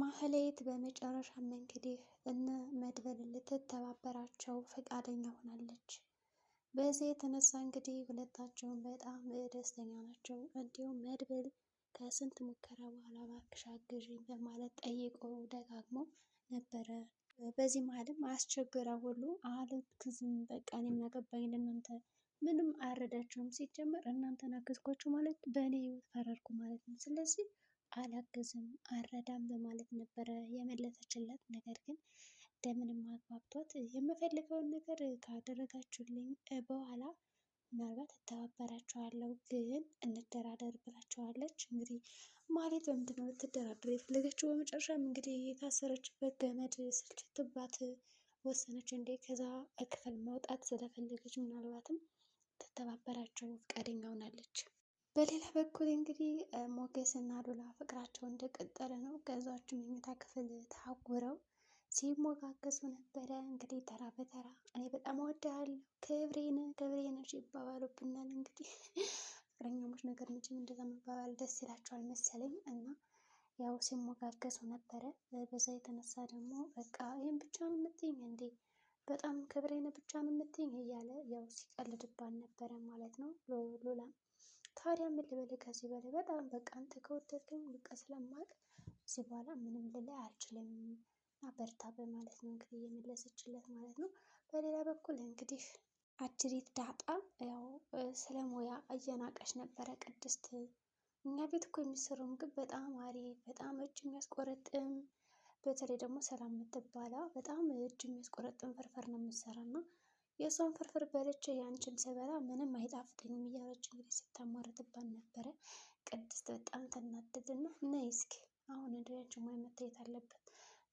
ማህሌት በመጨረሻም እንግዲህ እነ መድበል ልትተባበራቸው ፈቃደኛ ሆናለች። በዚህ የተነሳ እንግዲህ ሁለታቸውን በጣም ደስተኛ ናቸው። እንዲሁም መድብል ከስንት ሙከራ በኋላ እባክሽ አግዥኝ በማለት ጠይቆ ደጋግሞ ነበረ። በዚህ መሀልም አስቸግራ ሁሉ አልክዝም በቃ እኔ ምን ለእናንተ ምንም አልረዳችሁም። ሲጀመር እናንተ ናገዝኳቸው ማለት በእኔ ሕይወት ፈረድኩ ማለት ነው። ስለዚህ አላግዝም አልረዳም በማለት ነበረ የመለሰችለት። ነገር ግን እንደምንም አግባብቷት የምፈልገውን ነገር ካደረጋችሁልኝ በኋላ ምናልባት እተባበራችኋለሁ ግን እንደራደር ብላችኋለች። እንግዲህ ማሌት ነው ልትደራደር የፈለገችው? በመጨረሻም እንግዲህ የታሰረችበት ገመድ ስልችትባት ወሰነች። እንዴ ከዛ ክፍል መውጣት ስለፈለገች ምናልባትም ትተባበራቸው ፈቃደኛ ሆናለች። በሌላ በኩል እንግዲህ ሞገስ እና ሉላ ፍቅራቸው እንደቀጠለ ነው። ከዛች መኝታ ክፍል ታጉረው ሲሞጋገሱ ነበረ። እንግዲህ ተራ በተራ እኔ በጣም እወድሃለሁ፣ ክብሬን ክብሬን ይባባሉብናል። እንግዲህ ፍቅረኛሞች ነገር መቼም እንደዛ መባባል ደስ ይላቸዋል መሰለኝ እና ያው ሲሞጋገሱ ነበረ። በዛ የተነሳ ደግሞ በቃ ይህን ብቻ ነው የምትይኝ እንዴ? በጣም ክብሬን ብቻ ነው የምትይኝ እያለ ያው ሲቀልድባል ነበረ ማለት ነው ሉላ ታዲያ ምን ልበል ከዚህ በላይ በጣም በቃ አንተ ከወደድከኝ በቃ ስለማቅ እዚህ በኋላ ምንም ልላይ አልችልም እና በማለት ነው እንግዲህ እየመለሰችለት ማለት ነው። በሌላ በኩል እንግዲህ አጅሪት ዳጣ ያው ስለ ሙያ እየናቀች ነበረ ቅድስት። እኛ ቤት እኮ የሚሰራው ምግብ በጣም አሪፍ፣ በጣም እጅ የሚያስቆረጥም በተለይ ደግሞ ሰላም የምትባለዋ በጣም እጅ የሚያስቆረጥም ፍርፍር ነው የምትሰራ እና የሰውን ፍርፍር በልቼ የአንችን ስበላ ምንም አይጣፍጠኝም እያለች እንግዲህ ስታማርትባት ነበረ። ቅድስት በጣም እና ነይ እስኪ አሁን እድሜያችን ማን መታየት አለበት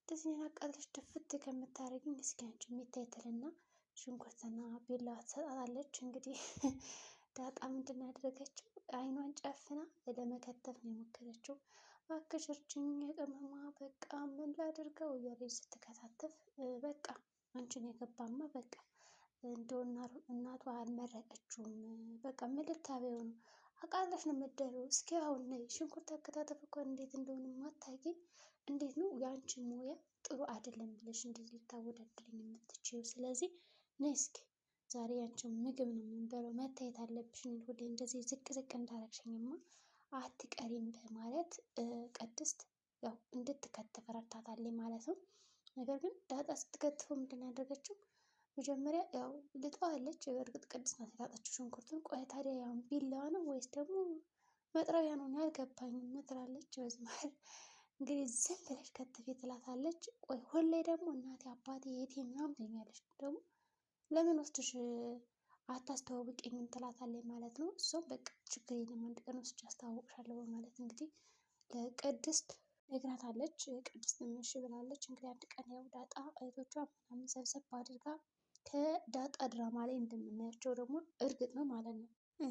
እንደዚህ አቃጥለሽ ድፍት ከምታደርጊኝ እስኪ አንቺ እና ሽንኩርትና ቢላዋ ትሰጣታለች። እንግዲህ ዳጣ ምንድን ያደረገችው አይኗን ጨፍና ለመከተፍ ነው የሞከረችው። እባክሽ እርጅኝ ቅመማ በቃ ምን ላድርገው እያለች ስትከታተፍ በቃ አንቺን የገባማ በቃ እንደው እናቷ አልመረቀችውም። በቃ ምልታቤው ነው አቃለሽ ነው የምትደረው። እስኪ አሁን ነይ ሽንኩርት አከታተፍ እኮ እንዴት እንደሆነ ማታቂ እንዴት ነው የአንቺ ሙያ ጥሩ አይደለም ብለሽ እንደዚህ ልታወዳድሪኝ የምትችይው። ስለዚህ ነይ እስኪ ዛሬ ያንቺ ምግብ ነው የምንበለው፣ መታየት አለብሽ። ሁሌ እንደዚህ ዝቅ ዝቅ እንዳረግሽኝማ አትቀሪም በማለት ቅድስት ያው እንድትከትፍ ረድታታለች ማለት ነው። ነገር ግን ዳጣ ስትከትፈው ምንድን ያደረገችው? መጀመሪያ ያው ልጠዋለች። በእርግጥ ቅድስት ናት የላጠችው ሽንኩርቱን። ቆይ ታዲያ ያው ቢላዋ ነው ወይስ ደግሞ መጥረቢያ ነው? አልገባኝም። መጥራለች። በዚህ መሀል እንግዲህ ዝም ብለሽ ከትፌ ትላታለች። ቆይ ሁሌ ደግሞ እናቴ አባቴ የቴ ምናም ትለኛለች። ደግሞ ለምን ወስድሽ አታስተዋውቂኝም? ትላታለች ማለት ነው። እሷም በቃ ችግር የለም አንድ ቀን ወስጄ አስተዋውቅሻለሁ በማለት እንግዲህ ለቅድስት ነግራታለች። ቅድስት እሺ ብላለች። እንግዲህ አንድ ቀን ያው ዳጣ እህቶቿ ምናምን ሰብሰብ አድርጋ ከዳጣ ድራማ ላይ እንደምናያቸው ደግሞ እርግጥ ነው ማለት ነው።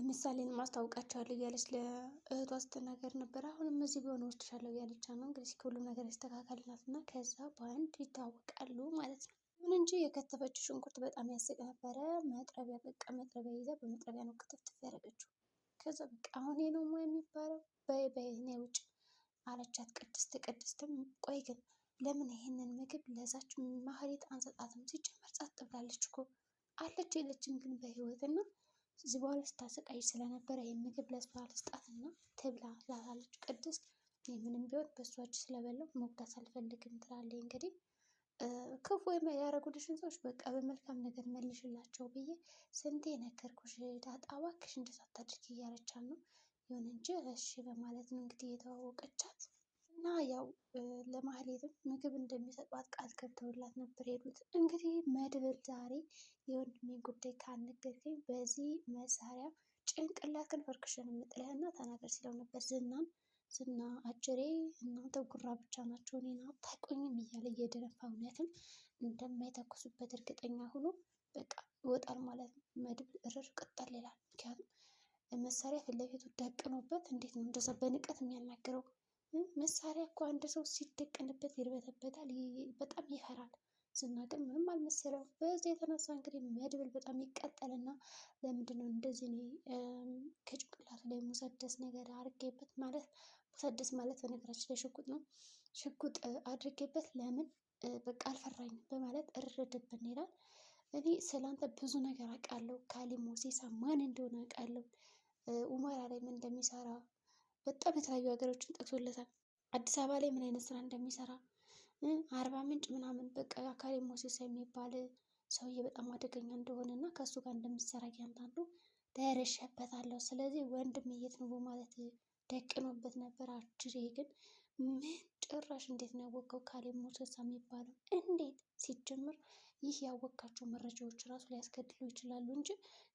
ምሳሌን ማስታወቃቸዋለሁ እያለች ለእህቷ ስትናገር ነበር። አሁንም እዚህ ቢሆን ወስድሻለሁ እያለች ነው። እንግዲህ ሁሉም ነገር ያስተካከልናት እና ከዛ በአንድ ይታወቃሉ ማለት ነው። ምን እንጂ የከተፈችው ሽንኩርት በጣም ያስቅ ነበረ። መጥረቢያ በቃ መጥረቢያ ይዛ በመጥረቢያ ነው ክትፍትፍ ያደረገችው። ከዛ በቃ አሁን ይሄ ነው የሚባለው በይ በይ እኔ ውጭ አለቻት ቅድስት። ቅድስትም ቆይ ግን ለምን ይህንን ምግብ ለዛች ማህሌት አንሰጣትም? ሲጀመር ጸጥ ብላለች እኮ አለች የለችም ግን በህይወት እና እዚህ በኋላ ስታሰቃይ ስለነበረ ይህን ምግብ ለሷ ልስጣት እና ትብላ ላላለች ቅድስት ምንም ቢሆን በእሷ እጅ ስለበላው መጉዳት አልፈልግም ትላለች። እንግዲህ ክፉ ያደረጉልሽን ሰዎች በቃ በመልካም ነገር መልሽላቸው ብዬ ስንቴ ነገርኩሽ፣ ዳጣ እባክሽ እንደዛ አታድርጊ እያለቻት ነው። ይሁን እንጂ እሺ በማለት ነው እንግዲህ የተዋወቀቻት። ያው ለማህሌትም ምግብ እንደሚሰጧት ቃል ገብተውላት ነበር የሄዱት። እንግዲህ መድብል ዛሬ የወንድሜን ጉዳይ ካልነገርከኝ በዚህ መሳሪያ ጭንቅላትን ፈርክሽን እና ተናገር ሲለው ነበር ዝናም ዝና አጭሬ እናንተ ጉራ ብቻ ናቸው እኔን አታውቁኝም እያለ እየደነፋ እውነትም እንደማይተኩሱበት እርግጠኛ ሆኖ በቃ ይወጣል ማለት ነው። መድብ እርር ቅጠል ይላል። ምክንያቱም መሳሪያ ፊት ለፊቱ ደቅኖበት እንዴት ነው እንደዛ በንቀት የሚያናግረው? መሳሪያ እኮ አንድ ሰው ሲደቀንበት ይርበተበታል፣ በጣም ይፈራል። ዝና ግን ምንም አልመሰለውም። በዚህ የተነሳ እንግዲህ መድብል በጣም ይቀጠልና ለምንድን ነው እንደዚህ ከጭንቅላቱ ላይ ሙሰደስ ነገር አድርጌበት ማለት ሙሰደስ ማለት በነገራችን ላይ ሽጉጥ ነው። ሽጉጥ አድርጌበት ለምን በቃ አልፈራኝ በማለት እርድብን ይላል። እኔ ስለአንተ ብዙ ነገር አውቃለሁ፣ ካሊ ሞሴሳ ማን እንደሆነ አውቃለሁ፣ ኡመራ ላይ ምን እንደሚሰራ በጣም የተለያዩ ሀገሮችን ጠቅሶለታል። አዲስ አበባ ላይ ምን አይነት ስራ እንደሚሰራ አርባ ምንጭ ምናምን በቃ አካሌ ሞሴስ የሚባል ሰውዬ በጣም አደገኛ እንደሆነ እና ከእሱ ጋር እንደምትሰራ እያንዳንዱ ደረሸበታለሁ። ስለዚህ ወንድም የት ነው በማለት ደቅኖበት ነበር። አጅሬ ግን ምን ጭራሽ እንዴት ነው ያወቀው? ካሌ ሞሴስ የሚባለው እንዴት ሲጀምር ይህ ያወቃቸው መረጃዎች ራሱ ሊያስገድሉ ይችላሉ እንጂ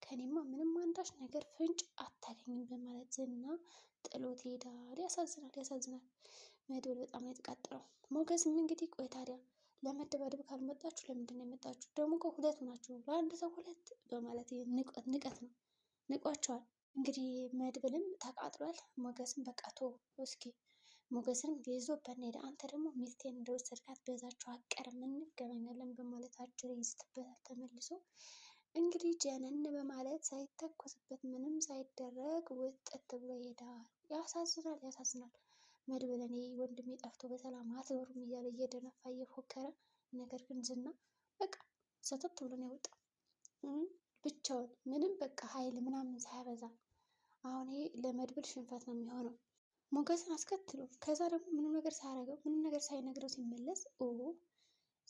ከኔማ ምንም አንዳች ነገር ፍንጭ አታገኝም በማለት ዝና ጥሎት ይሄዳል። ያሳዝናል፣ ያሳዝናል። መድብል በጣም የተቃጠለው ሞገስም እንግዲህ ቆይ ታዲያ ለመደባደብ ካልመጣችሁ ለምንድን ነው የመጣችሁ? ደግሞ እኮ ሁለት ናችሁ ለአንድ ሰው ሁለት በማለት ንቀት ነው ንቋቸዋል። እንግዲህ መድብልም ተቃጥሏል። ሞገስም በቃ ተው እስኪ ሞገስንም ይዞበት ሄደ። አንተ ደግሞ ሚስቴን እንደወሰድካት በዛቸው አቀርም እንገናኛለን በማለት አጅሬ ይስትበታል። ተመልሶ እንግዲህ ጀነን በማለት ሳይተኮስበት ምንም ሳይደረግ ውጥት ብሎ ይሄዳል። ያሳዝናል፣ ያሳዝናል። መድብል እኔ ወንድሜ ጠፍቶ በሰላም አትኖርም እያለ እየደነፋ እየፎከረ ነገር ግን ዝና በቃ ሰተት ብሎ ነው ብቻውን ምንም በቃ ኃይል ምናምን ሳያበዛ አሁን ይሄ ለመድብል ሽንፈት ነው የሚሆነው። ሞገስን አስከትሎ ከዛ ደግሞ ምንም ነገር ሳያደርገው ምንም ነገር ሳይነግረው ሲመለስ ኦ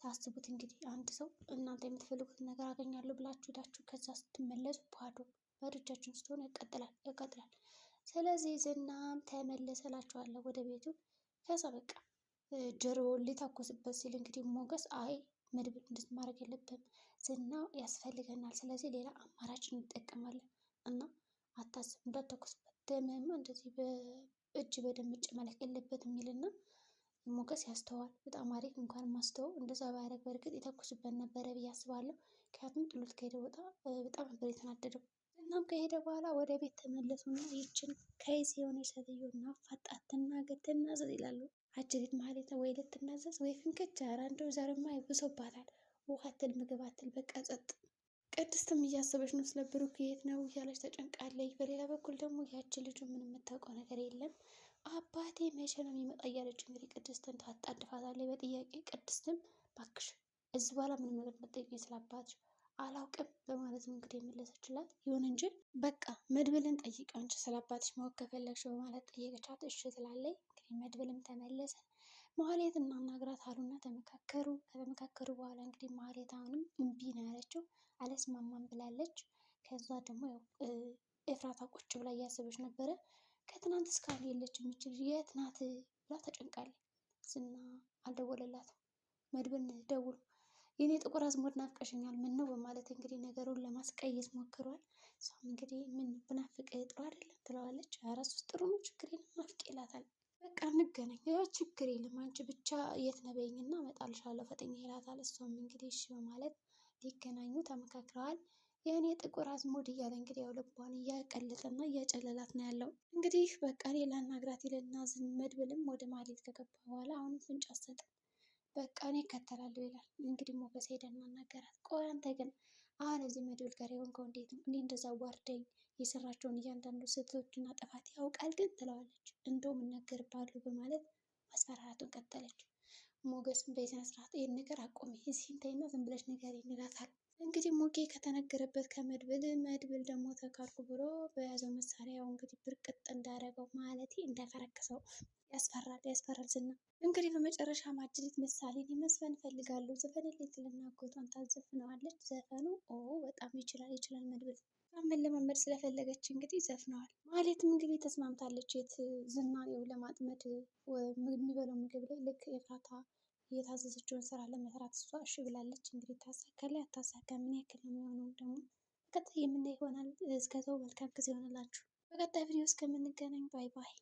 ሳስቡት እንግዲህ አንድ ሰው እናንተ የምትፈልጉትን ነገር አገኛለሁ ብላችሁ ሄዳችሁ ከዛ ስትመለሱ ባዶ ባዶቻችሁን ስትሆን ያቃጥላል ያቃጥላል። ስለዚህ ዝናም ተመለሰ እላችኋለሁ ወደ ቤቱ። ከዛ በቃ ጆሮውን ሊታኮስበት ሲል እንግዲህ ሞገስ አይ መድብል እንዴት ማድረግ የለብንም ዝና ያስፈልገናል። ስለዚህ ሌላ አማራጭ እንጠቀማለን እና አታስብ እንዳትተኮስበት ደምህማ እንደዚህ እጅ በደንብ እጭ ማለት የለበት የሚልና ሞገስ ያስተዋል። በጣም አሪፍ እንኳን ማስተው እንደዛ ባያደርግ በእርግጥ የተኩስበት ነበረ ብዬ አስባለሁ። ምክንያቱም ጥሎት ከሄደ ቦታ በጣም ነበር የተናደደው። እናም ከሄደ በኋላ ወደ ቤት ተመለሱና ይችን ከይዝ የሆነ ሴትዮ ፈጣት ትናገር ትናዘዝ ይላሉ። አጅሪት ማለት ወይ ልትናዘዝ ወይ ፍንክች። ኧረ እንደው ዛሬማ ይብሶባታል። ውሃ ትል ምግብ አትል በቃ ጸጥ ቅድስትም እያሰበች ነው ስለ ብሩክ የት ነው እያለች ተጨንቃለች። በሌላ በኩል ደግሞ ያቺ ልጁ ምን የምታውቀው ነገር የለም አባቴ መቼ ነው የሚመጣ እያለች እንግዲህ ቅድስትን ታጣድፋታለች በጥያቄ ቅድስትም ባክሽ እዚህ በኋላ ምንም ነገር መጠየቅ ስለ አባትሽ አላውቅም በማለት ነው እንግዲህ የመለሰችላት። ይሁን እንጂ በቃ መድብልን ጠይቀው እንጂ ስለ አባትሽ ማወቅ ከፈለግሽ በማለት ጠየቀቻት። እሺ ትላለች እንግዲህ መድብልም ተመለሰ። ማህሌት እናናግራት አሉና ተመካከሩ። ከተመካከሩ በኋላ እንግዲህ ማህሌት አሁንም እምቢ ነው ያለችው። አለስማማም ብላለች። ከዛ ደግሞ ኤፍራታ ቁጭ ብላ እያሰበች ነበረ። ከትናንት እስካሁን የለች የምችል የት ናት ብላ ተጨንቃለች። ዝና አልደወለላትም። መድብን ደውሎ የኔ ጥቁር አዝሙድ ናፍቀሽኛል፣ ምን ነው በማለት እንግዲህ ነገሩን ለማስቀየስ ሞክሯል። እሷም እንግዲህ ምን ብናፍቅ ጥሩ አይደለም ትለዋለች። አራስ ውስጥ ጥሩ ነው ችግር የለም ናፍቅ ይላታል። በቃ እንገናኝ፣ ያው ችግር የለም አንቺ ብቻ የት ነበይኝ እና እመጣልሻለሁ ፈጥኜ ይላታል። እሷም እንግዲህ እሺ በማለት ሊገናኙ ተመካክረዋል። የእኔ ጥቁር አዝሙድ እያለ እንግዲህ ያው ልቧን እያቀለጠና እያጨለላት ነው ያለው። እንግዲህ በቃ ሌላ ናግራት ይልና ዝም መድብልም ወደ ማህሌት ከገባ በኋላ አሁንም ፍንጭ አትሰጥም። በቃ እኔ እከተላለሁ ይላል። እንግዲህ ሞገስ ሄደን ማናገራት። ቆይ አንተ ግን አሁን እዚህ መድብል ጋር የሆንከው እንዴት ነው? እኔ እንደዛ ዋርደኝ የሰራቸውን እያንዳንዱ ስህተቶችና ጥፋት ያውቃል ግን ትለዋለች። እንደውም እናገርብሃለሁ በማለት ማስፈራራቱን ቀጠለች። ሞገስም በስነ ስርዓት ይህን ነገር አቆሚ እዚህ ታይና ዝም ብለሽ ንገሪኝ ይላታል። እንግዲህ ሞጌ ከተነገረበት ከመድብል መድብል ደግሞ ተካርኩ ብሎ በያዘው መሳሪያ እንግዲህ ብርቅጥ እንዳደረገው ማለት እንዳፈረከሰው ያስፈራል ያስፈራል። ዝና እንግዲህ በመጨረሻ ማድሪት ምሳሌን መስፈን እፈልጋለሁ ዘፈን ሌትልና ጎቷን ታዘፍነዋለች። ዘፈኑ ኦ በጣም ይችላል ይችላል መድብል እሷን መለማመድ ስለፈለገች እንግዲህ ዘፍነዋል። ማለትም እንግዲህ ተስማምታለች። የት ዝና ዝናሬው ለማጥመድ የሚበለው ምግብ ላይ ልክ ኤፍራታ የታዘዘችውን ስራ ለመስራት እሷ እሺ ብላለች። እንግዲህ ታሳካለ አታሳካ ምን ያክል ነው የሚሆነው ደግሞ በቀጣይ የምናይ ይሆናል። እስከዛው መልካም ጊዜ ይሆንላችሁ። በቀጣይ ቪዲዮ እስከምንገናኝ ባይ ባይ።